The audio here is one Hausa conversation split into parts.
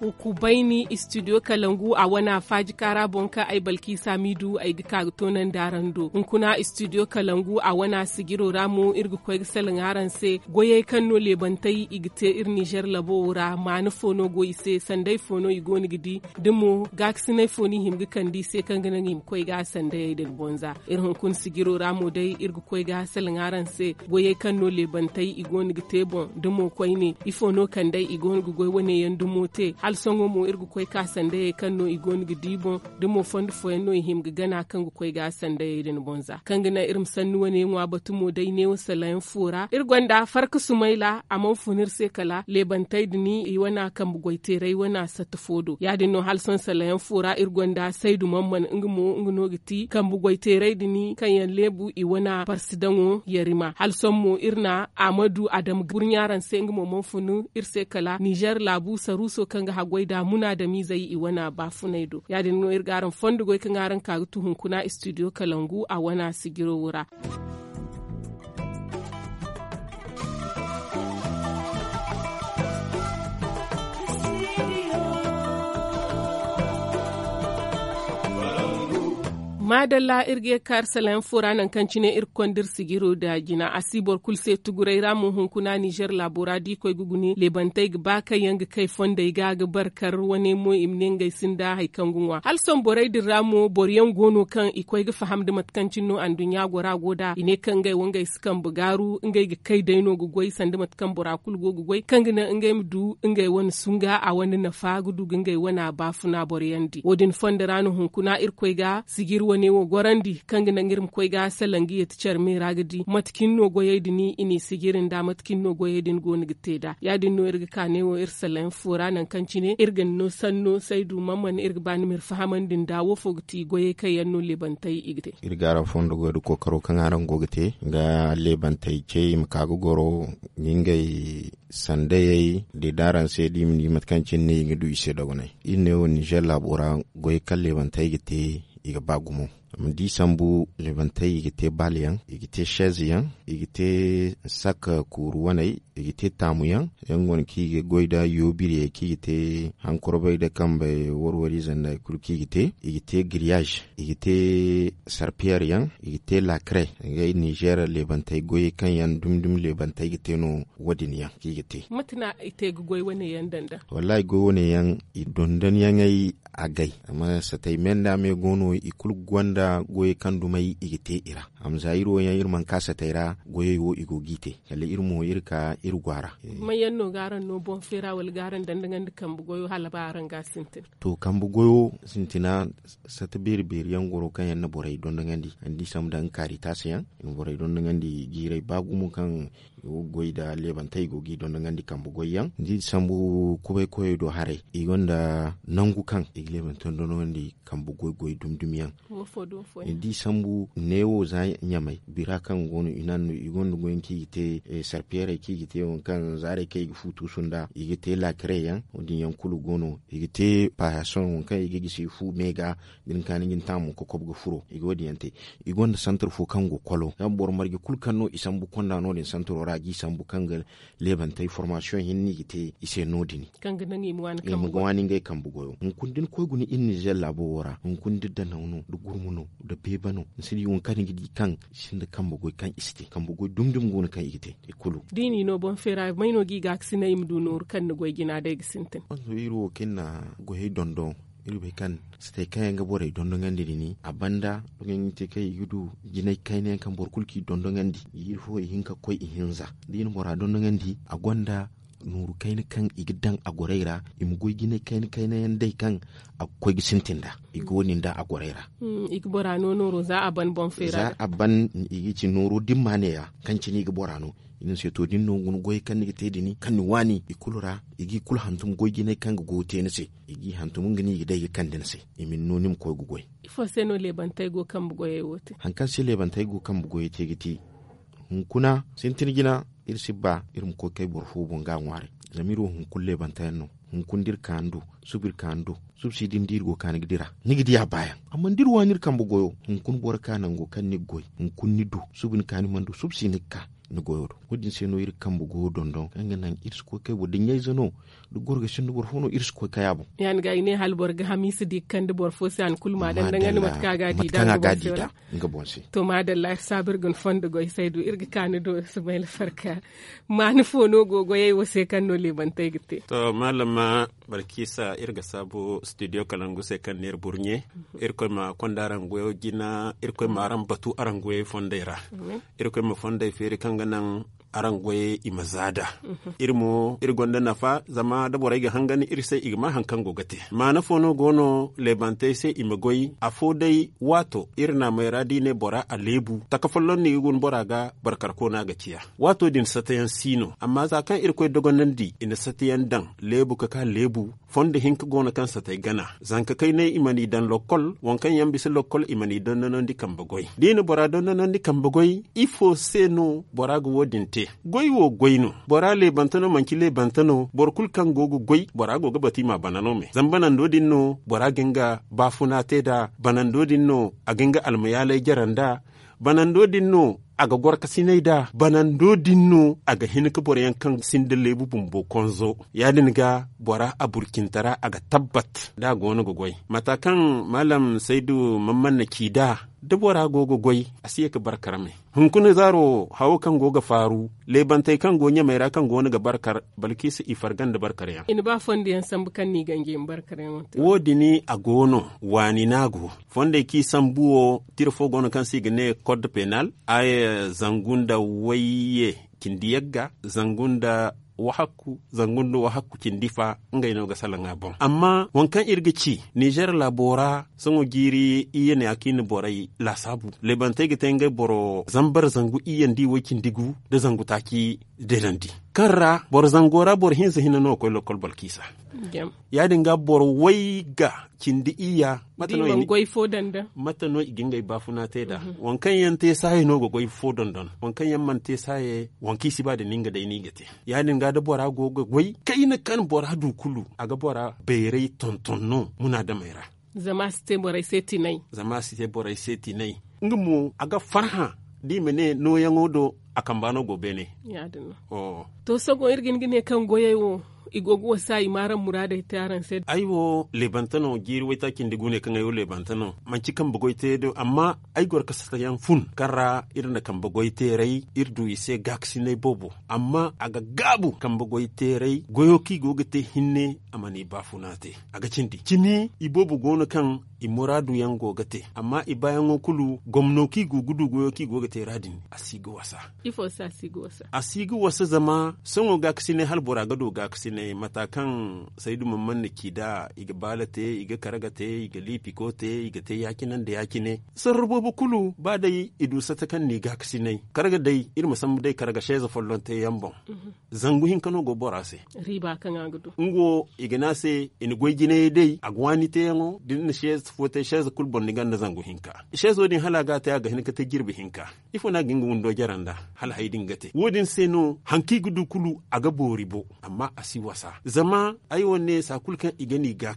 ukubaini studio kalangu a wana faji kara bonka ai balki samidu ai gika tonan darando kuna studio kalangu a wana sigiro ramu irgu kweg selin haran se goye kanno lebantai igite ir niger labo ra mani fono goyi se sandai fono igoni gidi dimo na foni himgi kandi se kan ganan him kwai ga sandai da bonza irin kun sigiro ramu dai irgu kwai ga selin haran se goye kanno lebantai igoni gite bon dimo kwai ne ifono kandai igoni gugoi wane yan dumo te hal songo mo irgu koy ka sande kan no igon dibo de mo fond foy no him gana kan gu koy ga sande den bonza kan gana irim sannu wane ngwa mo dai ne salayen fura irgonda farka sumaila amon funir se kala lebantai dini i wana kan bugoi terai wana satafodo ya dino hal son salayan fura irgonda sai du mamman ingmo ingno giti kan bugoi terai dini kan yan lebu i wana parsidango yarima hal son mo irna amadu adam gurnyaran sengmo mo funu irse kala niger labu saruso kan goida muna da mizai iwana bafunaido din no irgaran fondugo ka tuhun kuna studio kalangu a wana sigiro wura. madalla irge kar salen fura nan kancine ir kondir sigiro da gina asibor kulse tugurai ramun hunkuna niger labora di koy guguni lebantai ba ka yang kai fonda iga ga barkar wani mo imnen gai sinda hay kangunwa halson borai dir ramu boryan gono kan ikoy ga faham da matkancin no andun ya gora goda ine kan gai wangai sukan bugaru ngai ga kai daino gugoi sanda matkan kul go gugoi kan gina ngai mdu ngai wani sunga a wani nafa gudu ngai wana bafuna boryandi wodin fonda ranu hunkuna ir koy ga sigiro ne wo gorandi kanga na ngirim koi ga salangi yet charmi ragadi matkin no goyedi ni ini sigirin da matkin no goyedin go ni ya yadin no irga kane wo irsalen fura nan kancine irga no sanno sai du mamman irga bani mir fahaman din da wo fogti goye kayan no lebantai igde irga ra fondo go ko karo kanga ran go gite ga lebantai ke makago goro ngingai sande yayi de daran sai di mi matkancin ne ngi du ise dogonai inne wo niger labora goye kalle bantai gite iga ba gumu mdi sambu levantai igite baliyan igite shaziyan igite kuru wanai igite yang yan wani kige goida yobire kigite hankorbai da kan bai warware zanda kul kigite igite grillage igite sarpiyar yan igite lacre ga niger lebantai goye kan yan dumdum lebantai te no wadin yan kigite mutuna ite goyi wani yan danda wallahi goyi wani yan dondan yang ai agai amma satai menda me gono ikul gwanda goye kan dumai igite ira amza iro yan irman kasa tayra goye wo igogite kale irmo irka ir gwara eh. mayan no garan no bon fera wal garan dan dangan kan bugoyo halaba aran ga sintin to kan bugoyo sintina sata bir bir yan goro kan yan borai don dangan di andi sam dan kari ta tasiyan in borai don dangan di girai bagu mu kan goyi da leban tai gogi don dangan di kan bugoy yan ndi sambu kube koyo do hare da nangu kan igleban ton don dangan di kan bugoy goy dum dum yan ndi sambu newo za nyamai bira kan gonu inan igon gon ki te eh, sarpiere ki igite on kan zare ke futu sunda te la kreyan odin kulu gono te igite son on kan igigi gisi fu mega din kanin gin tamu ko kobgo furo igodi yante igonda santar fu kan go kolo yan bor margi kul kan no isan bu konda no din santar ora gi san sambu kangal leban tai formation hinni igite ise nodini kanga nangi mu wan kan mu wani ngai kan bugoyo in kundin ko guni in inni jella bo wora in kundin da nauno da gurmuno da bebano sidi on kan gidi kan da kan bugoy kan isti kan bugoy dumdum gona kan igite kulu dini no bon fera mayno gi ga sine im du nur kan go gina de gisintin wanzo iro kinna go he dondon irbe kan site kayan ga bore dondon gandi ni abanda dongin te kai yudu jinai kai ne kan bor kulki dondon gandi yirfo hinka koi ihinza din bora dondon gandi a gwanda nuru kaini kan igidan a goraira imugoi gine kaini kaini yan dai kan akwai gisintin da igonin da a goraira igi hmm, no nuru za a ban bon fera za a ban igi nuru dimma ya kan ci ni no. ina se to din no gun goy kan ni te dini kan wani i kulura gi kul hantum goy ne kan go te ne se igi hantum ngini i dai kan den se min no nim ko go goy ifo se no le bantai go kan bu goy wote hankan se le bantai go kan bu goy te giti hunkuna sintin gina ir sibba irum ko kai burfu bunga ngware zamiru hun kulle bantai no hun kundir kandu subir kandu din dir go kan ni nigi diya baya amma dir wanir kan bu goyo hun kun bor kanan go kan ni goy hun kun ni du subin kan mandu subsi kan. ni goyodo gudin seno ir kambu go dondon kanga nan ir ko kay bo dinyay zano du gorga shin bor fono ir ko kayabo yan gay ne hal bor ga hamisi di kan bor fo an kulma dan dan ngani mat kaga di dan ga di da nga bonsi to ma da la sabir gon fondo goy saydu irgi ga kan do sumail farka man fono go go yey wose kan no liban tay gitte to malama barkisa irga sabo studio kalangu se kan ner burnye mhm. irko ma kondaran goyo gina irko ma ram batu aran go fondera irko ma fonde feri kan maganganun arangwe imazada mm -hmm. irmo irgonda nafa zama dabora ga hangani irse igma hankan gogate mana fono gono lebante se imagoi afo dai wato irna mai radi ne bora alebu takafallon ne gun bora ga barkar kona ga ciya wato din satayan sino amma zakan irkoi dogonan di ina satayan dan lebu kaka lebu fonde hinka gona kan satai gana zanka kai ne imani dan lokol wankan yan bisi lokol imani dan nanon di kambagoi dina bora dan nanon di kambagoi ifo seno bora ga wodinte ye goy wo nu. bora le bantano le bantano borkul kan gogo goy bora goga ma banano me zambanan do dinno bora genga bafuna teda banan do dinno agenga almayalai jaranda banan do dinno aga gorka da banan do dinno aga hinka bora yankan sinde lebu bumbo konzo yadin ga bora a burkintara aga tabbat da gona gogoy matakan malam saidu mamman na kida dabora gogo a asiye ka bar karame hunkuna zaro hawo kan goga faru lebantai kan gonya mai ra kan gona ga barkar balki su ifargan da barkar ya in ba fondi yan san bukan ni gange in barkar ya wodi ni a gono wani nago fonde ki buo tirfo gono kan si gane code penal ay zangunda waye kindiyagga zangunda wahakku zangundo wahakku kindifa ngai no ga salanga bon amma wankan irgici niger Labora bora sango giri iye ne bora borai la sabu le bantege tengai boro zambar zangu iyen di wakin digu da zangu taki landi karra bor zangora bor hinsa hina no ko lokol bol kisa yeah. yadin ga bor wayga kindi iya matano ini goy fodanda matano igingay bafuna teda mm -hmm. wankan yan te sai no go goy won kan yan man te sai kisi ba da ninga da ni gate yadin ga da bora go go goy kaina kan bora du kulu aga bora bere no muna da mera zama site borai seti nai zama site borai seti nai ngumu aga farha di mene no yango do a kan gobe ne. Ya yadin oh. to sogo irgin gine kan goyewo igogo wasa imaran murada ita yaran sai aiwo lebantano giri wai takin digu ne kan ayo lebantano man ci kan bugoi ta amma ai gor kasa ta yan fun kara irin da kan bugo ite rai irdu ise gaksi ne bobo amma ga gabu kan bugo ite rai goyo ki goge ta hinne amani A ga cindi i ibobo gona kan imuradu yan gogate amma ibayan okulu gomnoki gugudu goyoki gogate radin asigi wasa ifo sa asigi wasa asigi wasa zama son ga ne hal bora gado ga ne matakan saidu mamman ne ki da iga balate iga karagate iga lipikote iga te nan da ne. yakine sarrabobu kulu ba dai idu ta kan ne ga ne. karaga dai irin musamman dai karaga sheza follon te yambon mhm. zangu hin kano gobora se riba kan agudu ngo igana se in goigine dai agwani te yango din sheza wata chaise kulbon zangu hinka chaise din hala ga ta ga hinka ta girbi hinka ifo na gingu wundo jaranda hal haidin gate wodin seno hanki gudu kulu aga boribo amma asi wasa zama ayi ne sa kulkan igani ga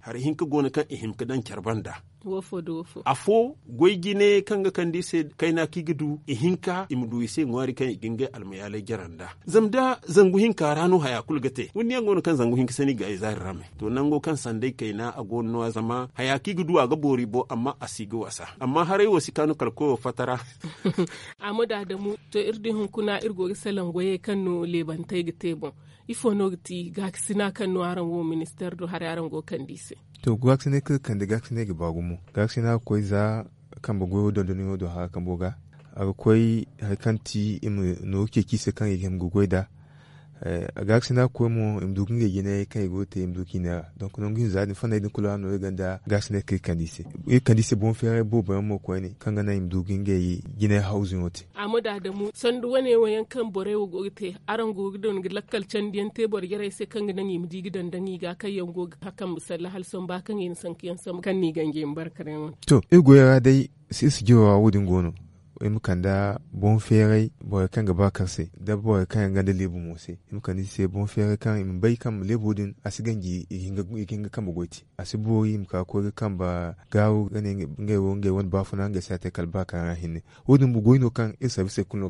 har hinka gona kan ihim kadan kyarbanda wofo do wofo a fo goygine kanga kandi se kayna kigidu e hinka imdu se ngwari kan ginge almayale jaranda zamda zangu hinka ranu haya kulgate wani yango kan zangu hinka sani ga izar rame to nango kan sande kaina ago no zama haya kigidu aga bori bo amma asige wasa amma harai wasi kanu kalko fatara amada da mu to irdi hunkuna irgo salan goye kanu lebantai gitebon ifo no giti gaksina kanu aran wo minister do hare aran go kandise to gaksi ne gaksine gi gaksi na koi za kan go don don do ha kambo ga aga koi kanti imu no ke kise kan yigem go da. Eh, a agak na ko mo imdukin ge gine kai go te imdukina donc non gin zani fana idin kula no ganda gas na kai kandise e kandise bon fere bo ban mo ko ne kanga na imdukin ge gine housing ote amada da mu san sandu wane wayan kan bore wo te aran go gidon lakkal can diyan te bor yare se kanga na imdi gidan dan ga kai yan go hakan musalla hal son ba kan yin san kiyan sam kan ni gange barkare to e goya dai sai su jiwa wudin gono imkan da bon fere boy kan gaba karse da boy kan ga da lebu mose imkan ni se bon fere kan im bai kan lebu din asigan gi iginga iginga kan bogoti asibori imka ko kan ba gawo ganin ga wonge won bafuna ngai ta kalba kan hinne wodin bugoino kan isa bise kuno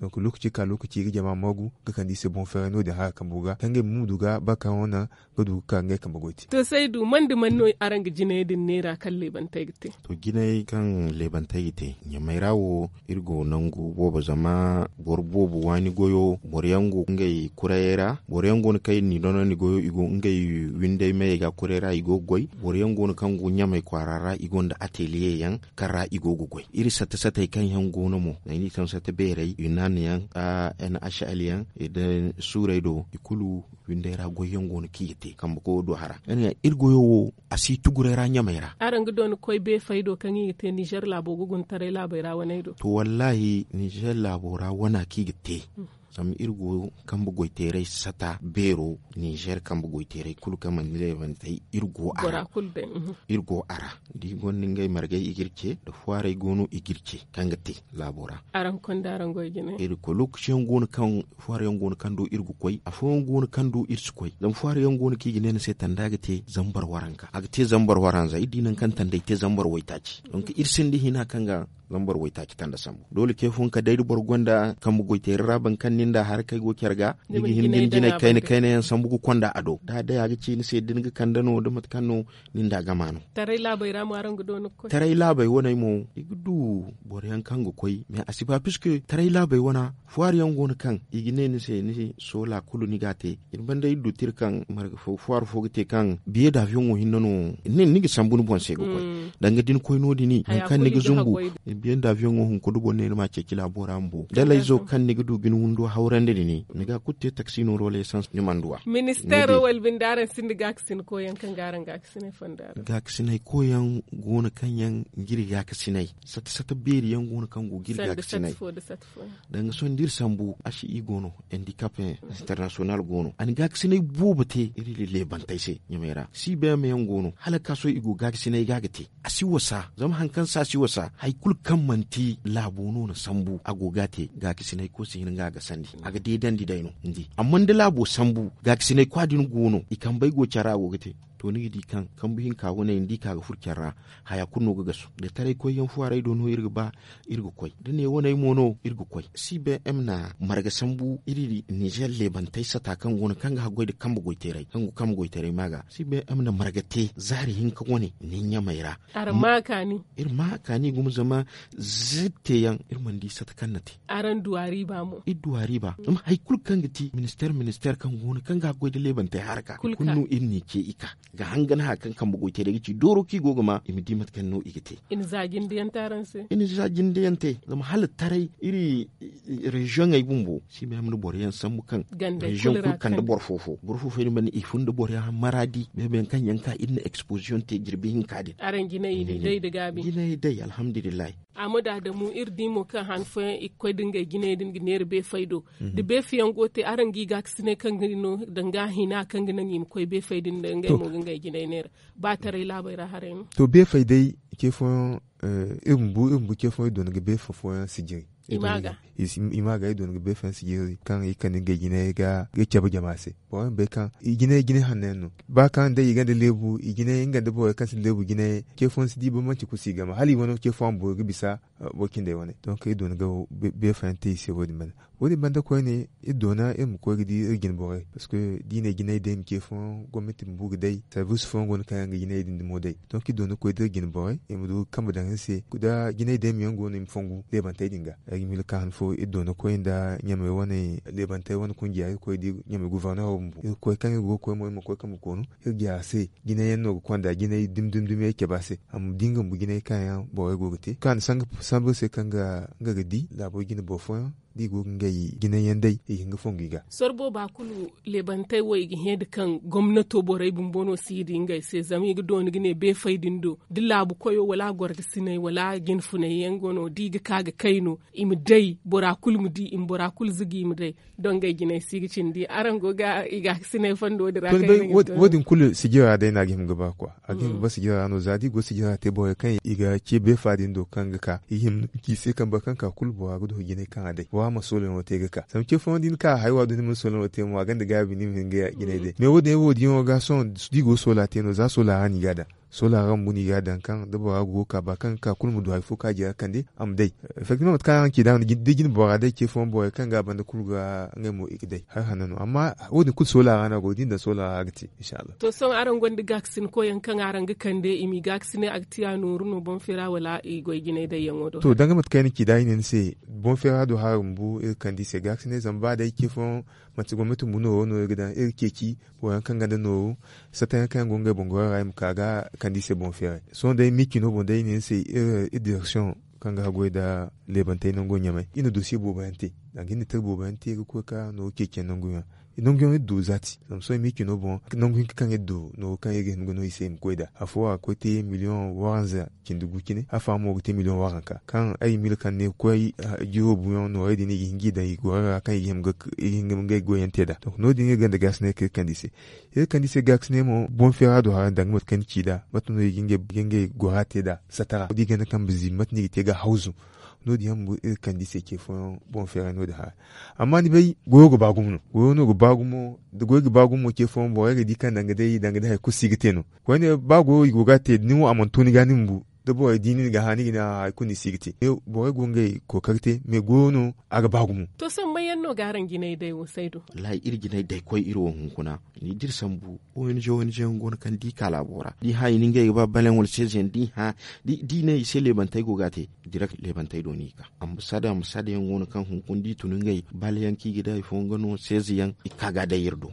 donc lokaci ka lokaci ga jama magu ga kan dise bon fere no da ha kan buga kan ga mu duga ba kan wana ga du kan ga kan to sai du man da man no arang jine din nera kan ban taigite to gine kan leban taigite ya mai rawo irgo nangu bo bobo zama bo wani goyo boryango ngai kurayera boryango kai ni nono ni goyo igo ngai winde mai ga kurera igo goy boryango kan go nya mai kwarara igo da atelier yan kara igo go goy iri sata sata kan yan gono mo na ni tan sata bere yuna yan a en ashal yan idan surai do ikulu winde ra goyon gon kiyete kam ko do hara en ya irgo yo asi tugure ra nyamaira aran gido ni koy be faido kan yete niger labo gugun tare labo ra wanaido to wallahi niger labo ra wana kiyete mm. zam irgo kambu goitere sata bero niger kambu goitere kul kama nile vantai irgo ara mhm. irgo ara di gonni ngai marge igirce da fuare gonu igirke kangati labora aran konda aran goy gine ir ko lokacin gonu kan fuare gonu kan do irgo koy fo gonu kan do irsu koy dan fuare gonu ki gine ne setan daga te zambar waranka agate zambar waranza idinan kan tanda te zambar waitaci donc irsin di hina kanga lambar ta kitan da samu dole ke hun ka daidu borgonda kan bugo teri raban kan ninda har kai go kerga digi din jina kai ne kai ne yan sambu konda ado da da ya gici ni sai dinga kandano da da ninda gamano tarai labai ramu aran gudo no ko tarai labai mu igdu igudu yan kan go koi me asiba puisque tarai labai wana fuar yan gon kan igine ni sai ni so la kulu ni gate in banda idu tir kan mar fo fuar fo gite kan biye da fiyon wo hinno no ni ni sambu no bon sai go koi mm. danga din koi no dini kan ni zungu bien d'avion o hun kudu bonne ma ke kila borambo dala izo kan ne gudu bin wundo haurande ne ne ga kutte taxi no role sans ni manduwa minister wal bin sin ga ksin ko yan kan garan ga ksin fandara ga ksin ai ko yan gona kan yan giri ga ksin sata sata beri yan gona kan go giri ga ksin ai dan son dir sambu ashi gono handicap eh, international gono ani ga ksin ai bobate iri le lebantai se nyamera si be me yan gono halaka so igo ga ksin ai ga gate asi wasa zama hankan sa si wasa haikul kan manti labu nuna sambu a te ga kisinai ko sinin ga ga sandi aga de dandi daino ndi amma da labo sambu ga kisinai kwadin gono ikan bai a goga agogate to ni di kan kan bihin ka wona indi ka ga furkera haya kunno ga gasu da tare ko yan fuara ido no irga ba irga koi da ne wona mono irga koi cbm na marga sambu iriri niger tai sata kan wona kan ga goi da kan bu goiterai kan gu kan goiterai maga cbm na marga te zari hin ka wona ni nya maira arma ka ni irma ka ni gum zama zitte yan man di sata kan nati aran duwari ba mu duwari ba am hay kul kan gati minister minister kan wona kan ga goi da lebantai harka kunnu inni ke ika ga hangan hakan kan bugote daga ci doro ki goga ma imi di matkan no igite in zagin diyan taran se in zagin diyan te zama hal tarai iri eh, region ay bumbo si me amna yan san mu kan region ku kan da bor fofo ni man ifun da ya maradi be ben kan yanka in exposition te girbi hin kadin aran ginai ni dai da gabi ginai dai alhamdulillah amma da mu irdi mo kan hanfa ikko dinga ginai din ginere be faido de be fiyan gote aran gi gaksine kan gino danga hina kan gina ni koy be faidin da ngai mo dinga gina ne ba tare labara haren to be fai dai ke fo e eh, mbu e mbu ke fo idon ga be fo fo sijiri imaga is ima ga idon ga befen kan i kan ga gine ga ga chabu jamase bo be kan i gine gine hanenu ba kan de yiga de lebu i gine inga de bo e kan si lebu gine ke fon si di bo manci ku si gama hali wono ke fon bo ga bisa e, bo kinde wone donc e i don ga befen te se wodi man wodi man da ko ne i dona e mu ko gidi gine bo parce que dine gine de mi ke fon gomnati mu bu service fon gon kan ga gine din mo dai donc i don ko de gine bo e mu do kamba da se kuda gine de mi ngon im fongu de ban te dinga e mi kan fo wo idono ko inda nyame wane lebante wone kungiya ko di nyame gouverneur wo ko kan go ko mo mo ko kam ko no ya se gine yen no ko da gine dim dim dim yake ba se am dinga mu gine kan ya bo go gote kan sang sambo se kan ga ga di la bo gine bo fo di go nga yi gine yende e yi nga fongi ga sorbo ba kulu lebante wo yi hedi kan gwamnato borai bumbono sidi nga se zami ga don gine be faidin do dilla bu koyo wala gorda sinai wala gin funai yangono di ga kaga kaino im dai bora kulu mu di im bora kul zigi im dai don ga gine sigi cin di arango ga iga sinai fando da rakai wodin kulu sigira dai na gim ba kwa a gim ba sigira no zadi go sigira te boye kan iga ke be fadin do kan ga ka yim ki se kan ba kan ka kul bo a gudu gine kan adai wa ma solon wata ga ka sam ke fondin ka haiwa dun masolon a mo aganda gabi ni min ga gine de me wode wodi yo ga son digo sola teno za sola hani gada sola ran muni ya dan kan da ba go ka ba kan ka kulmu do haifu ka ji kan dai am dai effectivement ka an ki dan digin ba dai ke fon boy kan ga ban da kulga ngai mo dai har hanano amma wani kul sola na go din da sola agti insha Allah to son aran gondi gaksin ko yan kan aran ga kan dai imi gaksin agti ya nuru no bon fera wala i go gine da yan wodo to dan ga mat kan ki dai ne se bon fera do har mbu kan di se gaksin ne ba dai ke fon mati gwamnati mu no e e no gida irke ki bo yan kanga da no sata yan kan gonga bongo ra im kaga kandi se bon fere son dai miki no bon dai ne se e, direction kanga hagoy da lebantai nan gonya mai ina dosi bo bayante dan gini tar bo bayante ko ka no keke nan gonya nongion edu zati zamso emi yeke no bon nongion kue kan edu no kan ye ge hinigo no e si e mu kue da afu wara kue ti million waranza kindugu kini afa amû yeke ti million waranka ka kan ae mili kan ne kue gi obuyon no ayede ni yeke hingi da yeke wara akan yeke ge gue yente da donc no dini ge ga sine yeke kandi yeke kandi ga sine mo bon fere ado ara ndangi mût kani ki da ba tongana yeke nge te da satara odi ge kan mbizi ma yeke ti ye ga hauzu n'o nodi e kan di seke fon bon fera nodi ha amma ni bai goyo go bagum no goyo no go bagum de goyo go bagum ke fon bo e di kan dangade dangade ha ku sigite no ko ne ba goyo go gate ni mu amon toni ga bu. ta boy dinin ga hani na kuni sigti ne boy gunge ko karte me gono aga bagumu to san mayan no garan ginai dai wo saido la iri ginai dai koi iri won hunkuna ni dir sambu o en jo en jen gon kan di kala bora di ha ni ngai ba balen wol sejen di ha di dine ne se le bantai go gate direct le bantai do ni ka ambasada ambasada yan gon kan hunkun di tunun ngai balen ki gida ifon gono se ziyan ikaga da yirdo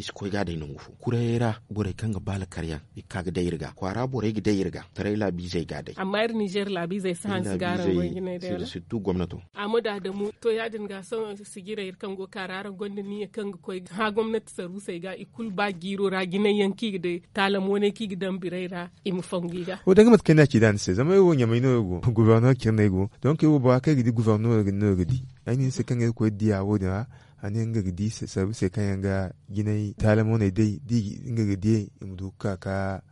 iskoygada inungufu kurera bore kanga bala karyan ikaga dayirga kwara bore ga dayirga tare la bizai ga amma ir niger la bizai sans garan gine da situ gwamnato amma da da mu to ya dinga son sigira ir kango kararan gonda ni kanga koy ha gwamnati saru sai ga ikul ba giro ra gine yanki da talamo ne ki gidan biraira im fongiga o daga mat kana kidan se zama yo nyamaino go gouverneur kirnego donc yo ba ka gidi gouverneur no gidi ani se kanga koy dia wodira hani nga gidi sabu se kan yanga ginai talamo ne dai di nga gidi imdu ka ka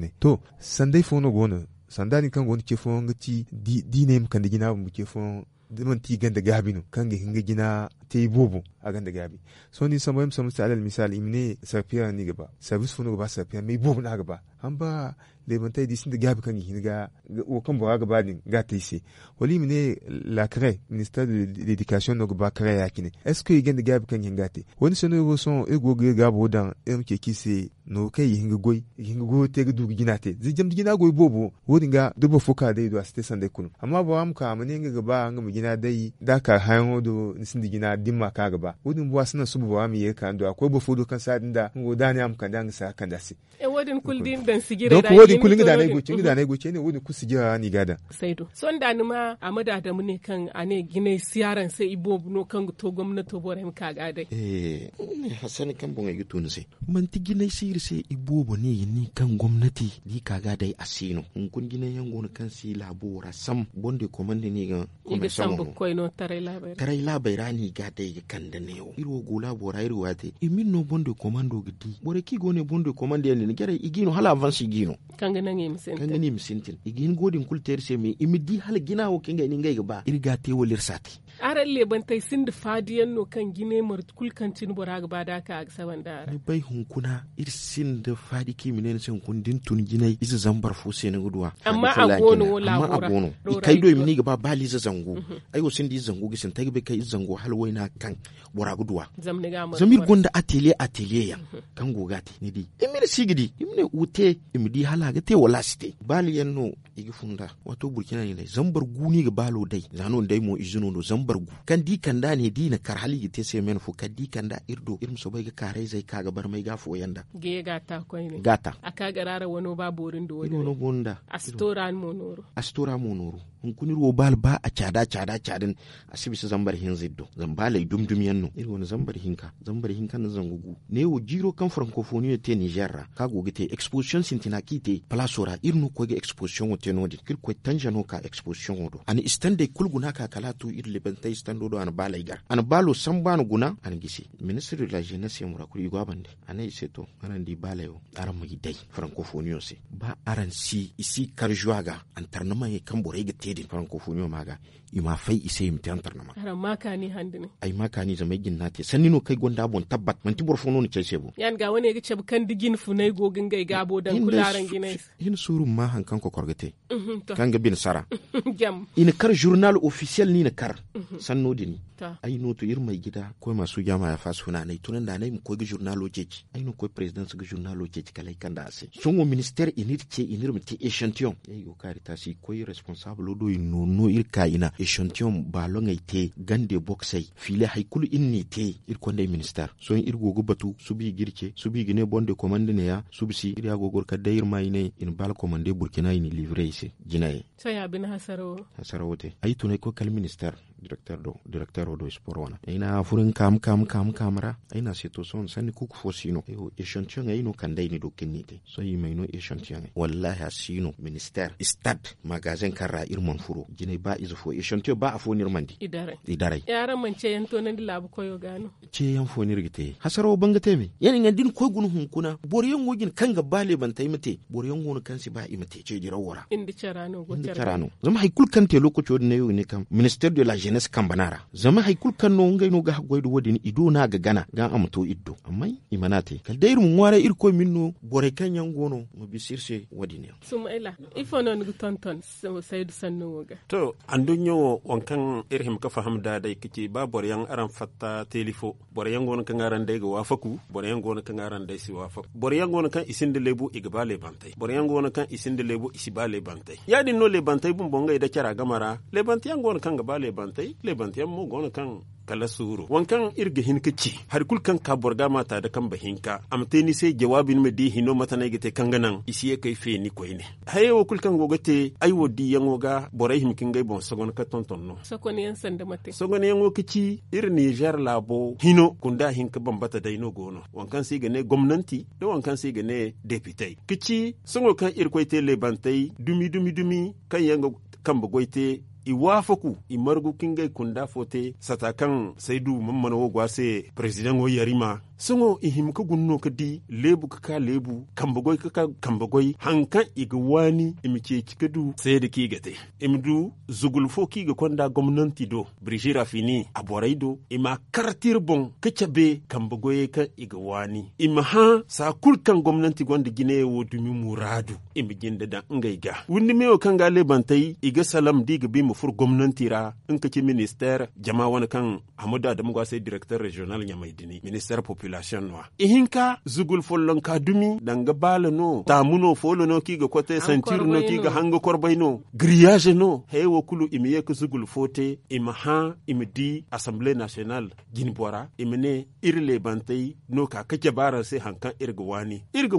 ne to sandai fono gono sandani kan gono ke fon ngati di di ne mkan digina mu ke fon diman ti ganda gabinu kan ga hinga gina ta yi bobo a ganda gabi so ni samoyim samusta alal misali imine safiya ni gaba service funu gaba safiya mai bobo na gaba an ba lebantai disin da gabi kan yi ga o kan bo gaba din ga ta ise wali imine la cre ministère de l'éducation no gaba kare ya kine est ce ganda gabi kan yin gate wani sanu go son e go ga gabo dan em ke kise no kai yi goi yi hinga goi te ga du gina te zai jam gina goi bobo wani ga dubu dubo da dai do asite da kunu amma ba am ka amane ga gaba an ga gina da yi da ka hudu nisin da gina dimma kaga ba wudin buwa suna su buwa mi yeka ando akwai bo fudu kan sa dinda ngo dani am kan dang sa kan dasi e eh, wudin kuldin dan sigira da wudin kuldin da ne gucin da ne gucin ne wudin ku sigira ni gada saido son da ni ma amada da mu ne kan ane gine siyaran sai ibo no kan to gwamnati bore ka ga dai eh hasan kan bon yi tun sai man ti gine sir sai ibo bo ne ni kan gwamnati ni ka ga dai asino kun kun gine yango kan si labora sam bonde komande ni ga kuma sam ko ino tare labai tare labai rani ga dai kande ne yo iro gola bora iro wate e min no bonde commando gidi bore ki gone bonde commande yende ne gare igino hala avance igino kanga na nangi msintin kanga ni msintin igin godin kulter se mi imidi hala gina wo kenga ni ngai ba irga te wolir sati aran lebantai sun da fadiyan no kan gine mar kulkan cin buraga ba da ka saban da ni bai hunkuna irsin da fadi ki minen sin kun din tun gine izi zambar fuse na guduwa amma a gono wala amma a gono kai do mini gaba bali za zango mhm. ayo sin di zango gisin tagbe kai zango halwai na kan buraga guduwa zamir gonda atelier atelier ya mhm. kan gogati ni di imir sigidi imne ute imdi halaga te wala site bali yanno igi funda wato burkina ne zambar guni ga balo dai zanon dai mo izuno zambar bargu kan di da ne di na kar hali te se men fu kan di da irdo irin so bai ga kare zai kaga bar mai ga fo yanda ge gata koi ne gata aka garara wano ba borin da wani no gunda astora monoro astora monoro hunkunir wo bal ba a cada cada cadin su zambar hin ziddo zambala dumdum yanno iri wani zambar hinka zambar hinka na zangugu ne wo jiro kan francophonie te nigerra ka gogite exposition sintina kite plasora irno ko ga exposition wo tenodi kir ko tanjano ka exposition wo do an istande kulguna ka kalatu ir libanta istando do an bala igar an balo no guna an gisi ministre de la jeunesse mura kuri gwabande anai e seto anan di bala yo aran mu dai francophonie se ba aran si isi karjuaga an tarnama ye kan borai gite edi franco funyo maga ima fai ise im tantar na ma ara maka ni handini ai maka ni zama gin nate sanni no kai gonda bon tabbat man ti funo ni cai bu yan ga wani ga ceb kan digin funai gogin gai gabo dan kularan gine hin suru ma han kan ko korgate mhm, kan ga bin sara jam in kar journal officiel ni na kar mhm. sanno dini ai no to irmai gida ko masu jama ya fasu na nai tunan da nai ko ga journal ojeji ai no ko president su ga journal ojeji kalai kan da ase sun minister inir ce inir mu te echantion ai yo karita si ko responsable do nono ir kaina ina échantillon balon te gande boxai file haikulu inni te ir konde minister so ir gogo batu subi girke subi gine bonde commande ne ya subsi ir ya ka dayir mayne in bal commande burkina ini livre ise jinaye so ya bin hasaro hasaro te ay tunay ko kal minister directeur do directeur do sport wana ina furin kam kam kam kamra ina seto son sani kuku fo sino e échantillon ay no kandai ni do kennite so yi mai no échantillon wallahi asino ministère stade magasin karra irman furo jine ba izo fo échantillon ba afo nirmandi idare idare yaran man ce yanto nan labu koyo gano ce yan fo ni rigite hasaro bangate me yani ngadin koy gunu hun kuna boriyan wogin kan gabale ban tai mate boriyan gun kan si ba imate ce dirawara indi charano go charano zama hay kul kan te lokaci ne yo ne kam ministère de la jeunesse ines kambanara zama haikul kan no ngai no ga goydo wodin ido na ga gana ga amto iddo amma imanate kal dairu mun wara irko minno bore kan yangono mo bisirse wodin sumaila non gu tonton so said sanno woga to andunyo wankan irhim ka faham da dai kici ba bore yang aran fatta telifo bore yangono kan aran dai ga wafaku bore yangono kan aran dai si wafaku bore yangono kan isinde lebu igbale bantai bore yangono kan isinde lebu isibale bantai yadin no le bantai bum bonga ida cara gamara le bantai yang yangono kan ga bale bantai sai le bantiyan mu gona kan kala suru wankan irga hin kici har kul kan ka borga mata da kan bahinka amte ni sai jawabin me di hino mata na gite kan ganan isi ya kai fe ni koy ne haye wo kul kan gogate ai di yan woga borai him kin gai bon sagon ka tonton no sagon yan sanda mate sagon yan wokici ir Niger labo hino kunda hinka bambata dai no gono wankan sai gane gwamnati da wankan sai gane deputy kici sango kan ir koy te lebantai dumi dumi dumi kan yanga kan bugoite iwafaku imargu kingai kunda fote satakan saidu mamman wogwase president yarima sungo ihim ka gunno ka di lebu ka ka lebu kambagoi ka ka kambagoi hankan iga wani ke kika du sai da ki gate imdu zugulfo ki ga kwanda gwamnati do fini a borai do ima kartir bon ka cabe kambagoi ka iga wani ima ha sa kulkan gwamnati gwanda gine wo dumi muradu imi ginda da ngai ga wundi mewo kan ga lebantai iga salam ga bi mu fur gwamnati ra in ka ci minister jama wani kan amadu adamu sai director regional nyamaidini minister popular population noa hinka zugul follon ka dumi danga bala no ta tamuno folo no kiga kote sentir no kiga hanga korbay no grillage no hewo kulu imiye ko zugul fote ima ha ima di assemblée nationale ginbora imene irle bantay no ka kake bara se hankan irga wani irga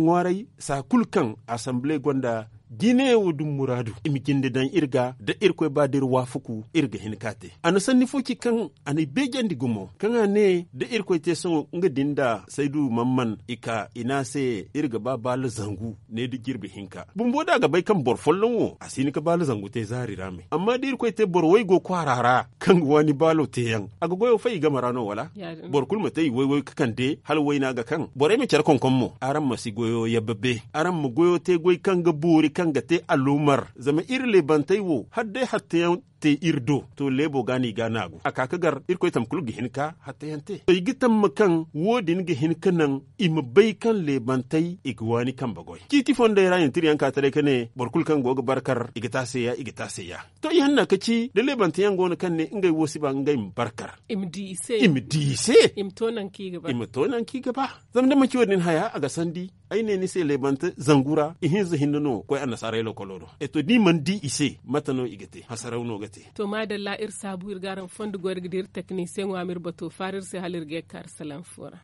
sa kulkan assemblée gonda gine wo dum muradu imi dan irga da irkoy badir wafuku irga hinkate ana sanni foki kan ana jandi gumo kan ane da irkoy te so nga dinda saidu mamman ika ina se irga ba bala zangu ne di girbe hinka bunboda da ga kam kan bor follon wo asini ka bala zangu te zari rame amma da irkoy te bor wai go kwarara kan wani balo te yan aga goyo fai ga wala bor kulma te wai wai kan de hal wai ga kan bor mi charkon kon mo aran masi goyo yabbe aran mu goyo te goy kan ga buri kan kan ga te alumar zama iri lebantai wo har dai hatta te irdo to lebo gani gana a akaka gar irko itam kulu gihin ka hatta yante to igitam makan wodin gihin i ma bai kan lebantai igwani kan bagoy kiti fonda yin tiri yan ka tare kane borkul kan goga barkar igita seya igita seya to i hanna ci da lebantai yan gona kan ne ingai wosi ba ingai barkar im se im diise im nan ki gaba im nan ki gaba zam da maki wodin haya aga sandi ai ne ni sai zangura ihin zihin no ko an nasara lo do eto ni man di ise matano igete hasarau no gate to da la'ir sabu irgaran fondu gwargidir technicien wa amir bato farir se halir ge kar salam fora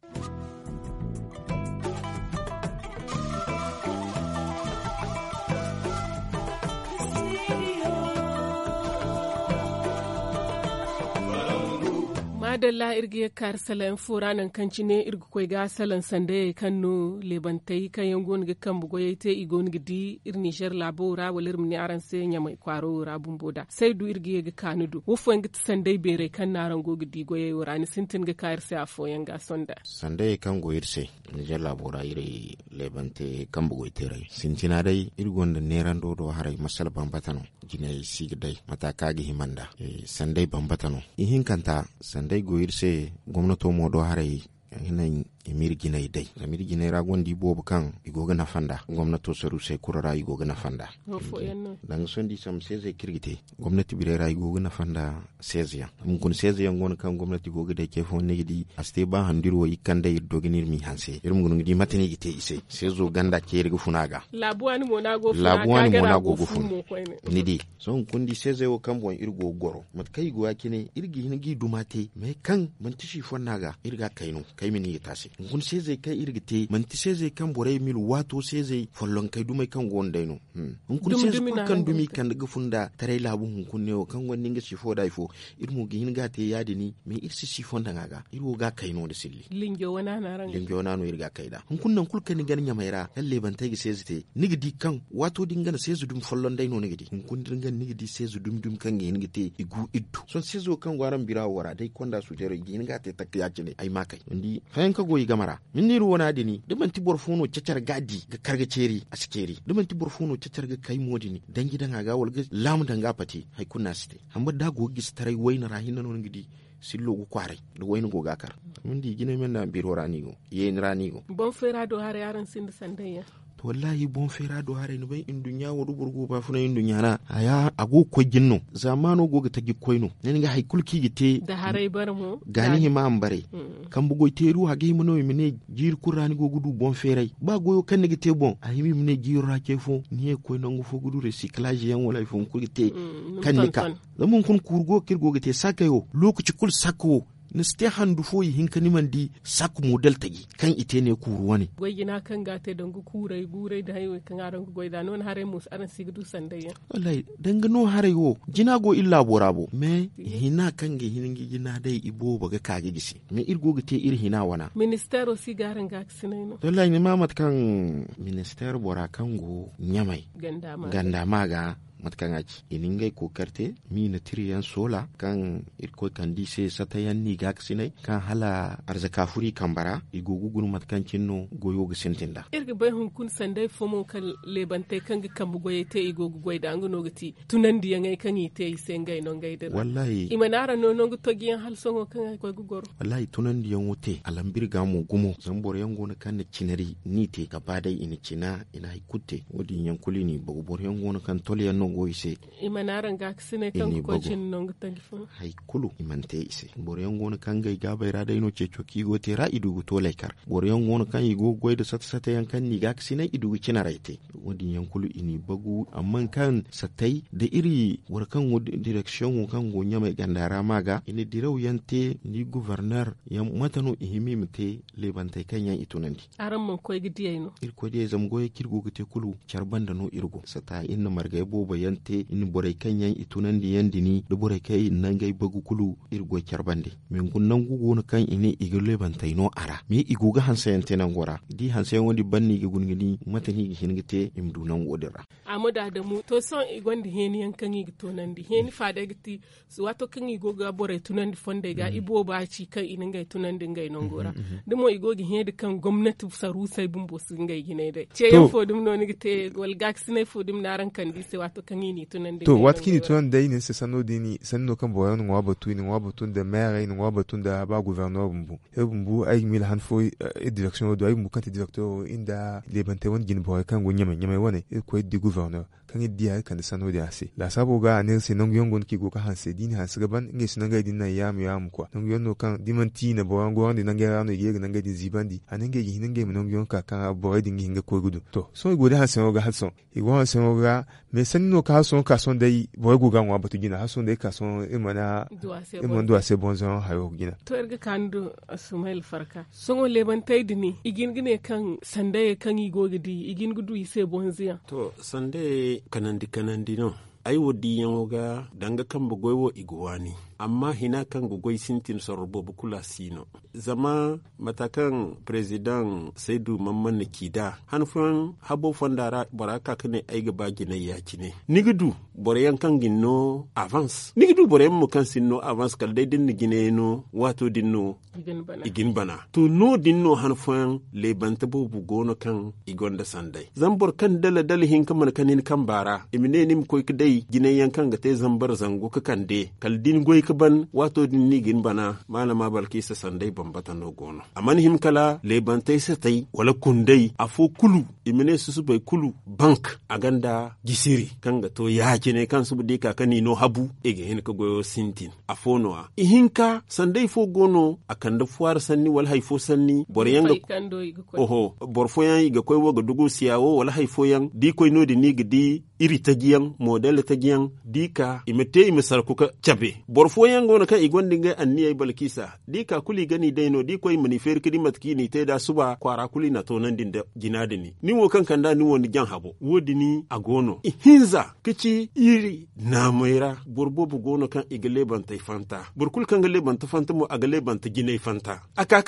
madalla irgiye kar salan furanan kanci ne irgu koy ga salan sande kanno lebantai kan yangon ga kan bugo yete igon gidi ir niger labora walir mini aran se nyamai kwaro rabun boda sai du irge ga kanudu wofo ngi sande bere kan naran go gidi goye warani sintin ga kar se afo yanga sonda sande kan go irse niger labora ire lebante kan bugo yete rai sintina dai irgon da neran do do harai masal bambatano gine sigdai mataka gi himanda e, eh, sande bambatano ihin kanta sande goyirse gwamnato moɗo harai hinan imir ginai dai amir ginai ragon di bobu kan igoga na fanda gwamnato saru sai kurara igoga na fanda dan son di sam seze kirgite gwamnati birera igoga na fanda seziya mun kun seziya ngon kan gwamnati goga da ke fon nigidi aste ba handiro ikanda irdoginir mi hanse irum gunung di matini gite ise sezo ganda ke irgu funaga labuani mona go funaga labuani monago gufun nidi kun di seze o kambon irgo goro mat kai go akine irgi gi dumate me kan mun tishi fonnaga irga kainu kai mini yitase ngun seze kai irgite manti seze kan borai mil wato seze follon kai dumai kan gonda no ngun seze kan dumi kan daga funda tare labu hun hunkun ne kan wani ga sifo da ifo irmu gi hin ga te yadi ni me irsi sifo da ga irwo ga kai no da silli lingyo wana na ran lingyo wana no irga kai da hunkun nan kulka ni ganin yamaira lalle ban tai ga seze te nigidi kan wato dinga na seze dum follon dai no nigidi hunkun dinga nigidi seze dum dum kan ga hin igu iddu son seze kan gwaran birawo wara dai konda su jere gi hin ga te takya ne ai makai ndi fayan ka go koyi gamara min ni ruwana dini duman tibor funo cacar gadi ga karga ceri a sikeri duman tibor funo cacar ga kai modini dan gidan aga walga lamu danga pati hay kunna site hamba da go gis tarai wayna nan non gidi sillo gu kware. da wayna go gakar min di gine men na biro go yen go bon fera do hare aran sind sandaya to wallahi bon fera do hare ni ben indun ya wodu burgo ba funa indun na aya ago ko jinno zamano go ga tagi koino ne nga hay kulki gite da hare bar mo gani hima bare. Mm. kan bugo teru hage mi ne jir qur'ani go gudu bon fera ba goyo kan gite te bon a himi ne jir ra ke fo ni e koino ngo fo gudu recyclage yan wala fo kulki te mm, kan ni ka zamun kun kurgo kirgo gite sakayo lokaci kul sakayo niste handu foyi hinka niman di sak model tagi kan ite ne kuruwa wani. goy gina kan gate dangu kurai gurai da haiwe kan aran go da non hare mus aran sigdu sandaye wallahi danga no hare wo gina go illa borabo me hina kan ge hinangi gina dai ibo baga kage gisi me irgo gite ir hina wana ministero sigaran ga sinai no wallahi ni mamat kan minister bora kan go nyamai gandama gandama ga matkan aki iningai ko karte mi na tiriyan sola kan irko kandi se satayan ni ga sinai kan hala arzaka furi kan bara igogu gun matkan kinno goyo ga sintinda irga bai hun kun sandai fomo kan lebante kan ga kan goye te igogu goy an ngono gati tunan diya ngai kan yi te sen ngai non ngai da wallahi imanara no no to giyan hal songo kan ko gugor wallahi tunan diya wote alambir ga mu gumo zambor yango na kan cinari ni te gaba dai ina cina ina hikutte wodi yankuli ni bugubor yango na kan yan no bongo ise imanaran ga sine kan ko cin non telefon hay kulu imante ise boryan gona kan gai ga bai ra ino no ki go te ra idugu to laikar boryan gona kan yi go da sata sata yan kan ni ga sine idugu kina raite wodi yan kulu ini bagu amman kan satai da iri war kan direction kan go nya gandara maga ini diraw yante ni gouverneur yan matano ihimi mate lebantai kan yan itunandi aran man koi gidi no ir koi de zam goy kirgo gite kulu charbanda no irgo sata inna marga bo yante in bore kan yan itunan di yan ni da bore kai nan gai bagu kulu irgo kyarbande min gunnan gugu na kan ine igirle bantaino ara mi igu ga hansa yante nan gora di hansa yan wadi banni ga gungini matani ga gite im dunan wodira amada da mu to son igon di heni yan kan igi tonan di heni fada giti su wato kan igo ga bore tunan di fonde ga mm-hmm. ibo ba ci kan inin gai tunan din gai nan gora mm-hmm, mm-hmm. dimo igo gi hedi kan gwamnati saru sai bumbo su gai gine dai ce yan fodum no ni gite wal gaksine fodum naran kan di se wato kangini tunan to watkini tunan dai nin se sanno dini no kan boyo nin waba tu nin waba tun da maire nin waba tun da ba gouverneur bumbu e bumbu ay mil han fo e eh, eh, direction do ay mu kan directeur inda le bante gin boy kan go nyame nyame woni e eh, ko di gouverneur kan dia kan sano dia se la sabo ga ne se nong yon gon ki go ka hanse din hanse gaban nge se nanga din na yam yam kwa nong yon no kan dimanti na bo ngo din nanga rano ye ga nanga din zibandi anenge gi hinenge mo nong yon ka er kan bo din gi hinga ko gudu to so go da hanse ga hanse i go hanse ga me san no ka son ka son dai bo go ga ngwa batu gina hason dai ka son imana imon do ase bon zon ha yo gina to erga do sumail farka so songo leban taidini igin gine kan sande kan go gidi igin gudu bon zia to sande kanandi kanandi no ai wodi yango ga danga kamba goiwo iguwani amma hina kan gugoi sintin sorbo bukula sino zama matakan president saidu mamman kida hanfan habo fondara baraka kane ai gaba gine ya kine nigdu boreyan kan ginno avance nigdu boreyan mu kan sinno avance kal dai din gine no wato dinno igin bana to no dinno hanfan le banta bo bugono kan igonda sandai zambor kan dala dala hin kan kanin kan bara imine nim koy kidai gine yan kan ga te zambar zango ka de kal din goy ka ban wato din nigin bana malama balkisa sandai bambata no gono amman him kala lebantai satai wala kundai afo kulu imine susu bai kulu bank aganda gisiri kanga to yaki ne kan bi dika kani no habu ege hin ka goyo sintin afo noa ihinka sandai fo gono da fuwar sanni wala haifo sanni yanga oho fo yan ga koyo ga dugu siyawo wala haifo yan di koy no di nigi di iri tagiyan model tagiyan dika imete imisar kuka chabe foyango gona kan an anniya balkisa di ka kuli gani daino di koi mani fer kidi matkini te da suba kwara kuli na tonan din da ginade ni wo kan kanda ni woni jan habo wodi ni agono hinza kici iri na maira burbo bu gono kan igale banta fanta burkul kan gale banta fanta mo agale banta gine fanta aka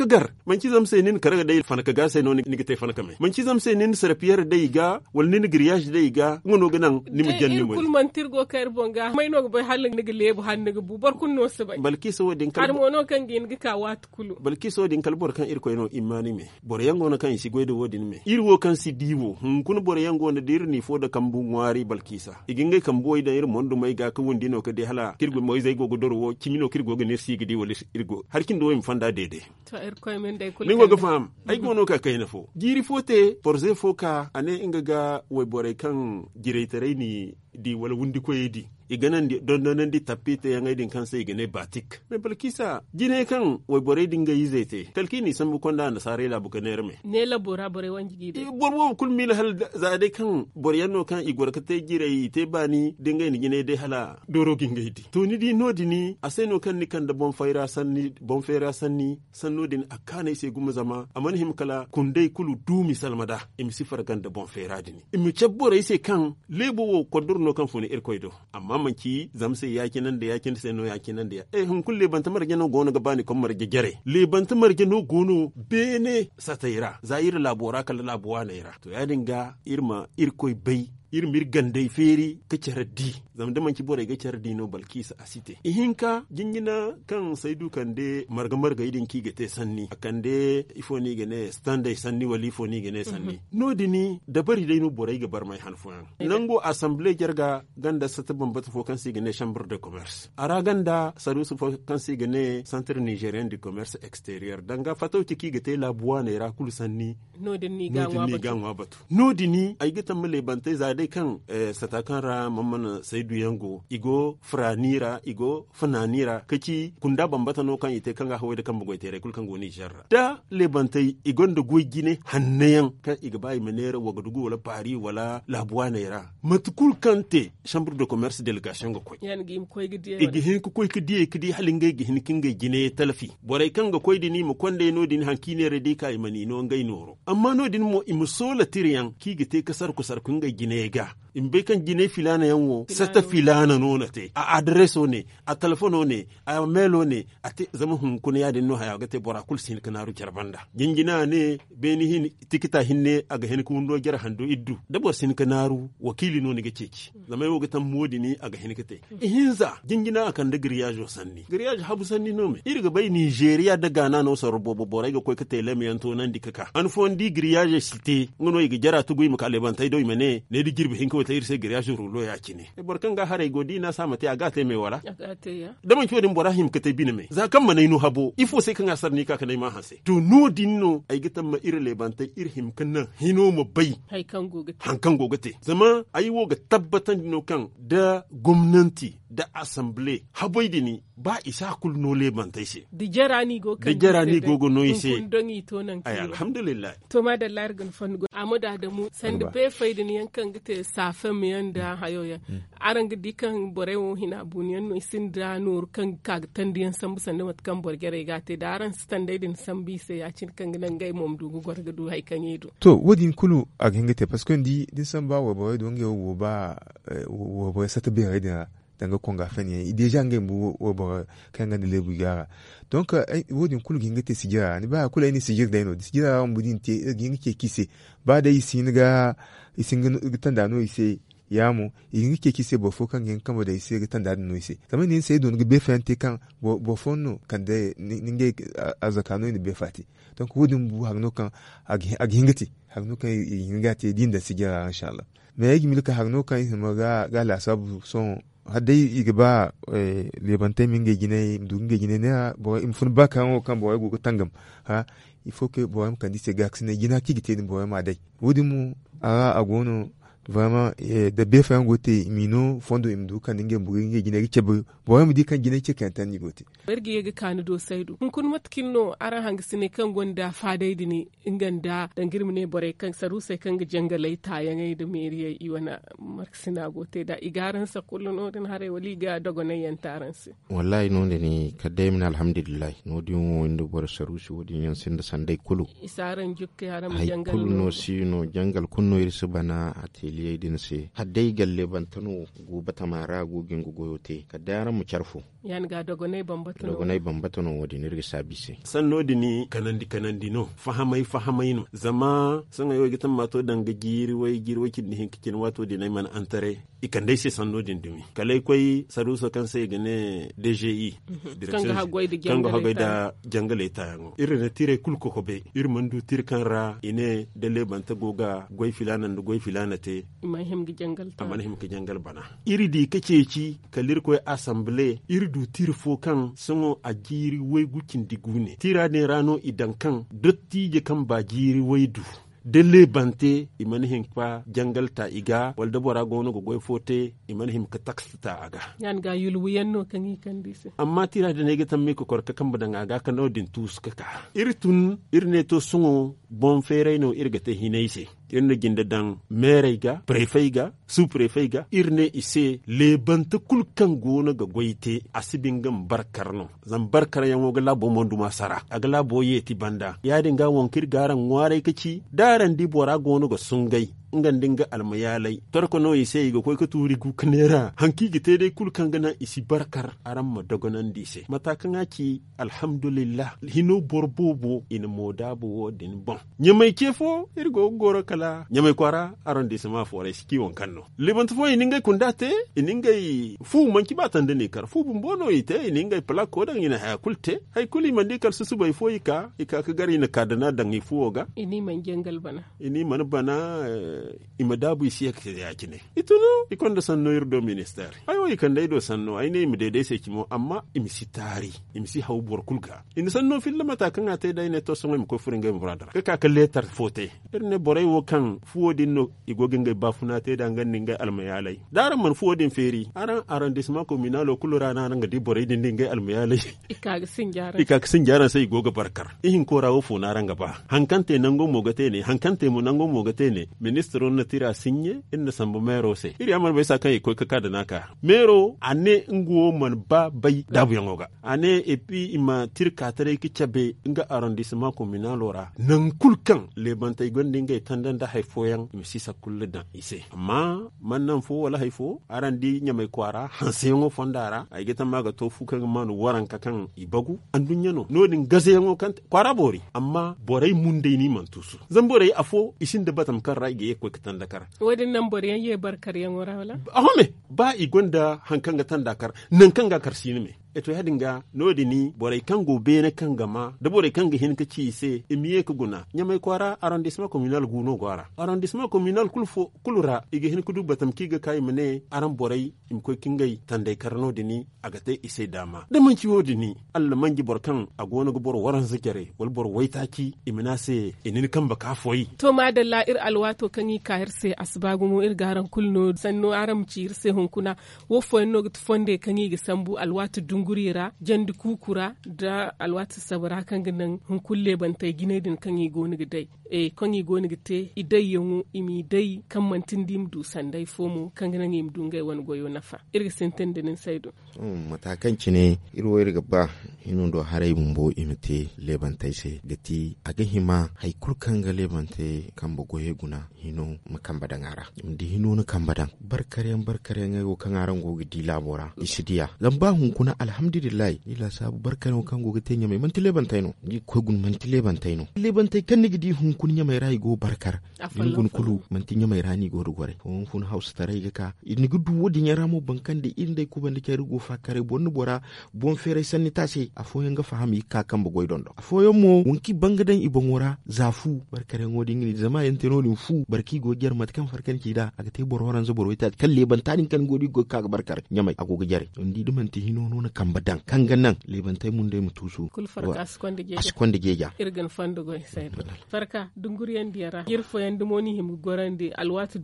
man ci zam sai nin karaga dai fanaka ga sai no ni gite fanaka man ci zam sai nin sarfiyar dai ga wal nin griage dai ga ngono ganan ni mu ni mo kul man tirgo kair bonga mai no bai halin ni gale bu han ni bu kunno su bai so din kal mono kan gin gika wat kulu so din kal bor kan ko ino imani me bor yango na kan isigo goido wodin me irwo kan si diwo hun kun bor yango na dir ni da kan bu ngwari igin iginga kan boy da ir mondu mai ga ka wundi ka de hala kirgo moy zai go godoro wo kimino kirgo ga ne sigi di wala irgo har kin do mi fanda dede to irko men dai kul ningo ga fam ai mhm. go no ka kai na fo giri fote forze ka ane inga ga we bor kan gireitare ni di wala wundi ko yedi iganan di dondonan di tapite yang kan kansa igane batik me balkisa jine kan way bore dinga yizete kalkini sambu konda na sare la bukaner me ne la bora bore wanji gide bor bo kul mil hal zade kan bor yanno kan gorka te jire te bani dinga ni gine de hala doro ginga yidi to ni di di ni aseno kan ni kan da bon fayra sanni bon fayra sanni no din akane se guma zama amani him kala kundai kulu dumi salmada im sifar da bon fayra dini im chabbore kan lebo wo kodur no kan funi irkoi do amma man ki zamse yaki nan da yakin sai no yaki nan da ya eh hun kulle banta marge no gono gabani kon marge gere le banta marge no gono bene sataira zaira labora kala labuwa na ira to ya dinga irma irkoi bai ir mir gandai feri ka cara di zama da manki bore ga cara di no balkisa asite ihin ka jingina kan saidu kan de marga marga idin ki ga te sanni akan de ifo ni gane standai sanni wali ifo ni gane sanni mhm. no dini da bari dai no bore ga bar mai hanfuan nango assemblée jarga ganda sata bambata fo kan si gane chambre de commerce ara ganda saru su fo kan si gane centre nigérien du commerce extérieur danga fatau ki ga te labuwa ne ra kul sanni no dini ga wa batu no dini ay ga tammale bantai zade dai kan eh, satakan ra mamman saidu yango igo franira igo fananira kaki kunda bambata no kan ite kan ga hawaye da kan bugoi tere kul kan goni jarra da lebantai igon da goyi gine hannayan kan iga bayi manera dugu wala pari wala labuwa naira matukul kante chambre de commerce delegation ga koi yan gim koi gidiye igi hin ku koi kidi kidi halin gai igi hin kin gai gine talfi borai kan ga koi dini mu kwande no dini hankine redika imani no ngai noro amma no dini mo imusola tiriyan ki gite kasar kusar kun gai gine shiga in bai kan jine filana yan wo sata filana nuna na te a adreso ne a telefono ne a melo ne a te zama hunkuna kun ya dinnu haya ga te bora kul sin kana ru jarbanda jinjina ne beni hin tikita hinne a ga hin kun do jar hando iddu da bo sin kana ru wakili no ne ga ceki zama yo ga tan modi ne a ga hin kate hmm. ihinza jinjina akan da griyajo sanni griyajo habu sanni no me irga bai nigeria da gana no sar bo bora ga ka kate lem yanto nan dikaka an fon griyajo site ngono ga jara tugu mu ban tai do mene ne di girbi hin ko wo ta irse gere shi rulo ya kine e eh, kan ga hare godi na sama ta ga ta mai wala da man kyodin borahim ka ta bine mai. za kan manai no habo ifo sai kan asar ni ka kanai ma hanse to no dinno ai gitan ma ir lebanta ir him kanna hino mu bai hai kan gogate han kan gogate zama ai wo ga tabbatan dino kan da gwamnati da assembly haboi dini ba isa kul no lebanta shi da ni go kan da go go no ise ai alhamdulillah to ma da largan fan go amoda da mu sand be faidin yankan gite sa femiyan da mm. hayoya mm. arang dikan bore wo hina buniyan no sin da nur kan ka tandiyan sambu sanda mat kan borgere te da aran stande din sambi se ya cin kan nan gai mom dugu ga du hay kan yedo to wodin kulu a te parce que ndi din samba wo boy do nge wo ba eh, wo boy sata be da danga konga fenye i deja nge mu wo bo ga de bu gara donc eh, wodin kulu te sigira ni ba kula ni sigira da ino sigira din te ke eh, kise ba da sin ga isingin tanda no ise yamu yingi ke kise bofo kan gen kama da ise tan da no ise tamen ni sai don gbe fente kan bofo no kan de ninge azakano ni be fati ku wudin bu hagno kan agingati hagno kan yingati din da sigira insha Allah me yagi milka hagno kan hima ga ga la sabu son hadde yiga ba eh, lebante minge gine dunge gine ne ah, bo im fun ba kan kan bo go tangam ha il faut que bo am kan dise gaksine gina ni bo ma dai wudimu. mu Aga a gono vraiment eh, de bien faire un côté mino fondo imdu kan dinge bugi nge gine gice bu bo yam di kan gine ce kan tan gote bergi ga kan do saidu kun kun matkin no ara hang sine kan gonda fadai dini inganda dan girmi bore kan saru sai kan ga jangalai tayan ai da meriye iwana marksina gote da igaran sa kullun odin hare wali ga dogo ne taran si wallahi no de ni kadai min alhamdulillah no di mo inda bore saru su wodi nyen sinda sande kulu isaran jukke haram jangal no si no jangal kunno irsu bana ati liye din se dai galle bantano gobe mara gogin te ka dara mu carfo yani ga dogonai bambatano dogonai bambatano wadi sabi se san nodi ni kanandi kanandi no fahamai fahamai no zama san ayo gitan mato danga giri wai giri wai kin hin kin wato dinai man antare dai se san nodin dumi kalai koi saruso kan sai gane DGI mhm. kanga hagwai da kanga da jangale ta yango irin tire kulko be. irin mandu tir kan ra ine ban ta goga gwai filanan da gwai te assemblée jangal ta jangal bana iri di kace ci kalir koy assemblée iri du tir fo kan sungo a jiri wai gukin digune tira ne rano idan kan dotti je kan ba jiri wai du delle bante iman him kwa jangal ta iga walda bora gono go fote iman him ka tax ta aga yan ga yulu yanno kan yi kan dise amma tira da ne ga tamme ko korka kan badan aga kan odin tus ka ka irtun irne to sungo bon fere no irga te hinaise irne ginda dan mere ga prefei ga sous prefei ga irne ise lebanta kan gona ga goyte asibin gan barkarno zan barkar yan woga labo mondu masara agla labo yeti banda ya dinga wonkir garan ngware kici daran di bora gono ga sungai ngan dinga almayalai torko no ise igo koy ko turi gu kanera hanki gite dai kul kangana isi barkar aran ma dogonan dise matakan aki alhamdulillah hino borbobo in modabo bo din bon nyamai kefo irgo goro kala nyamai kwara aron dise ma fore siki won kanno libant fo ininga kundate ininga fu man ki batan dane kar fu bumbono ite ininga ko dan ina ha kulte hay kuli di kal susu bai fo ka ikaka ka gari na kadana dangi fuoga ini man jengal bana ini man bana eh, ima imadabu isi ya kese no, ikon da sanno irdo ministeri ayo da ido sanno aine imdede se kimo amma imisi tari imisi haw bor kulga in sanno filla mata kan ate da ine to songo ko furinga mbradar Kaka ka letar fote irne borai wo kan fuodin no igogenga bafuna te da ganninga almayalai Dara man din feri aran arrondissement ko o kulura na rana ga di borai din dinga almayalai ikaga sin jaran ikaga sin jaran sai igoga barkar ihin korawo funa ranga ba. hankante nango mogate ne hankante mo nango mogate ne minister testosterone na tira sinye in na sambu mero se iri amar bai sa kan ikoi kaka da naka mero ane nguo man ba bai dabu yango ga ane epi ima tir katare ki chabe nga arrondissement communal ora nan kulkan le bantay igonde nga tandan da haifo yang imsi sa kulle dan ise amma man nan fo wala haifo arandi nyamay kwara hanse yango fondara ai maga to fuka manu waran kakan ibagu nyano. no nodin gaze yango kan kwara bori amma borai munde ni man tusu zan afo isin debatam kan raige ko kitan dakar wadin nan boriyan ye barkar yan wara wala ahome ba igonda hankanga tan dakar nan kanga kar sinime eto hadin ga nodi ni borai kan go bene kan gama da borai kan ga hin ka ci se e miye ka guna nyamai kwara arrondissement communal guno gwara arrondissement communal kulfo kulura ige hin kudu batam ga kai mene aran borai im ko kingai tande karno dini aga te ise dama da man wodi dini Allah mangi borkan a gona gubor waran zikere wal bor waitaki imina e se e nini kan baka foyi to madalla ir alwato kan yi kahir se mu ir garan kulno sanno aram ci ir se hunkuna wo foyno gut fonde kan yi gisambu alwato kungurera jandi kukura da alwati sabara kan ganin hun kulle banta gine din kan yi goni dai e kan yi goni te idai yin imi dai kan mantin dim du sandai fomo kan ganan im dungai wani goyo nafa irga sintin dinin saido mm, matakan ki ne irwo irga ba hinun do harai mun bo bumbo imite lebantai se ti aga hima haikul kan ga lebante kan bo goye guna makan badan ara imdi hinu na badan barkaren barkaren ga kan aran go gidi labora isidiya lamba hun kuna ala alhamdulillah ila sabu barka no kan goga tenya mai mantile bantaino ji ko gun mantile bantaino tileban bantai kan nigidi hun kun nya mai rai go barkar gun kulu mantinya mai rani go gore hun hun house tarai ga ka ni gudu wodi nya ramo bankan da irin dai kuban da ke rugo fa kare bon bora bon fere sanni tase afo yanga fahami ka kan bugoi dondo afo yammo wonki bangadan ibongora zafu barkare ngodi ngini zama lin fu barki go jar matkan farkan ki da aga te bororan zo borwita kan leban tanin kan godi go ka barkar nya mai ndi ti kan dan kan nan. lebantai mun dai mutu su kulfarka askwanda gega irgin fandugo sai farka dunguriyan diyara girfo yan dumoni goran gorande alwatu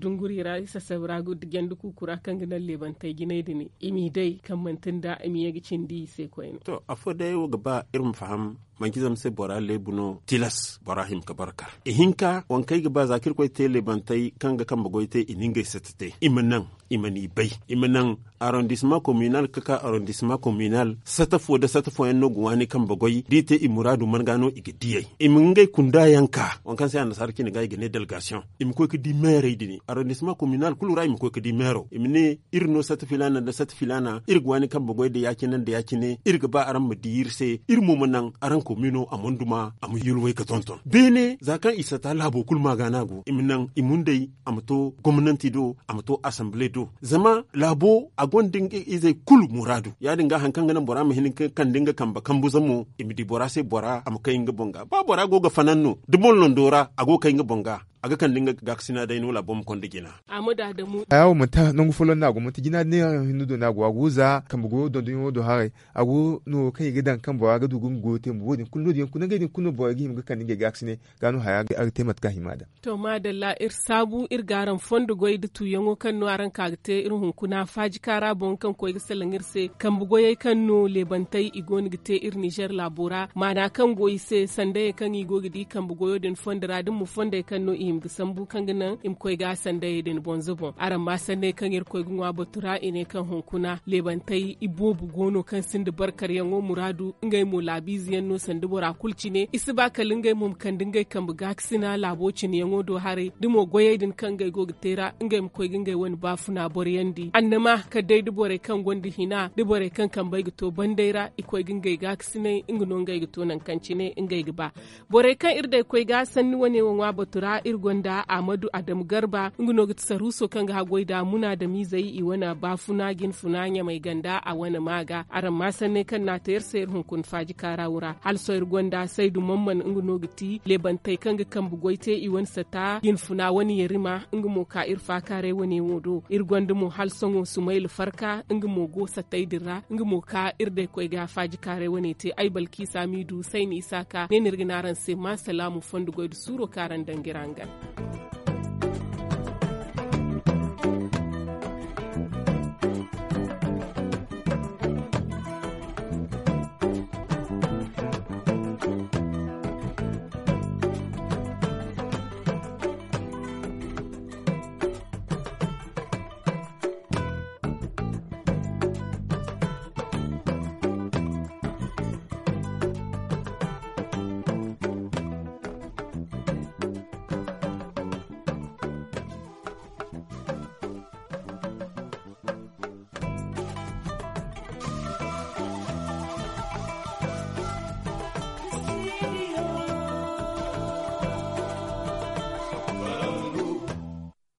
ra isa sabrago digendu kukura kan ganan lebantai ginai dini imi dai kan mantin da imi yagi cindi sai ko to afo dai wo gaba irin faham bankizam se bora lebuno tilas barahim him ka barkar e hinka wankai ga ba zakir koy te lebantai kanga kan bago te ininga e setete imanan imani bay imanan arrondissement communal kaka arrondissement communal satafo da fo en no gwani bago di te imuradu mangano igidiye iminga kunda yanka wankan se anasar kini ga igene delegation e im koy ki di maire dini arrondissement communal kulu im koy ke di maire imne irno filana da filana. irgwani kan bago da yakinan da yakine irga ba aran madirse irmu manan aran ko mino a duma a mu ka tonton bene za kan isa ta labo kul gana go iminan imundai mato gwamnati do mato assembly do zama labo a gondin izai kul muradu ya dinga hankan ganan bora mu hinin kan dinga kamba kambu zamu imidi bora sai bora mu kai bonga ba bora go ga fananno dubon londora ago kai bonga aga kan linga gaksina da inola bom konde gina amuda da mu ayo muta nungu fulo na go muta gina ne hinu do na go aguza bugo don don yodo hare agu no kai gidan kan bawa ga dugun gote mu wodin kullu din kunan gaidin kunu bawa gi himga kan linga gaksine gano haya ga arte matka himada to madalla ir sabu ir garan fondo goy du tu yango kan no aran ka kagte ir hun kuna faji kara bon kan koy ga selangir se bugo yai kan no lebantai igon gite ir niger labora mana kan goyi se sande kan igo kan bugo yodin fondra radin mu fonde kan no im gisan bu kan ginan im koi ga sanda bon zubon aran ma sanne kan yar koi gunwa batura ine kan hunkuna lebantai bu gono kan sindi barkar yango muradu ngai mo labiziyan no sandi bora kulci ne isi ba ka ngai mum kan dingai kan buga sina labocin yango do hare dimo din kan gai go tera ngai mu koi gingai wani bafuna yandi annama ka dai dibore kan gondi hina dibore kan kan bai gito bandaira ikoi gingai ga sine no ngai gito nan cine ngai ba bore kan irda koi ga sanni wane wanwa batura ir irgonda amadu adam garba ngunogt saruso kanga hagoida muna da mizai iwana bafuna gin funanya mai ganda a wani maga aran masane kan na tayar sayar hunkun faji karawura halso irgonda sai du mamman leban lebantai kanga kan bugoite iwan sata gin funa wani yarima ngumo ka irfa kare wani wodo irgonda mu songo sumail farka ngumo go satai dirra ngumo ka irde ga faji kare wani te ai balki samidu sai ni isaka ne nirginaran sai ma salamu fondu goidu suro karan dangiranga え?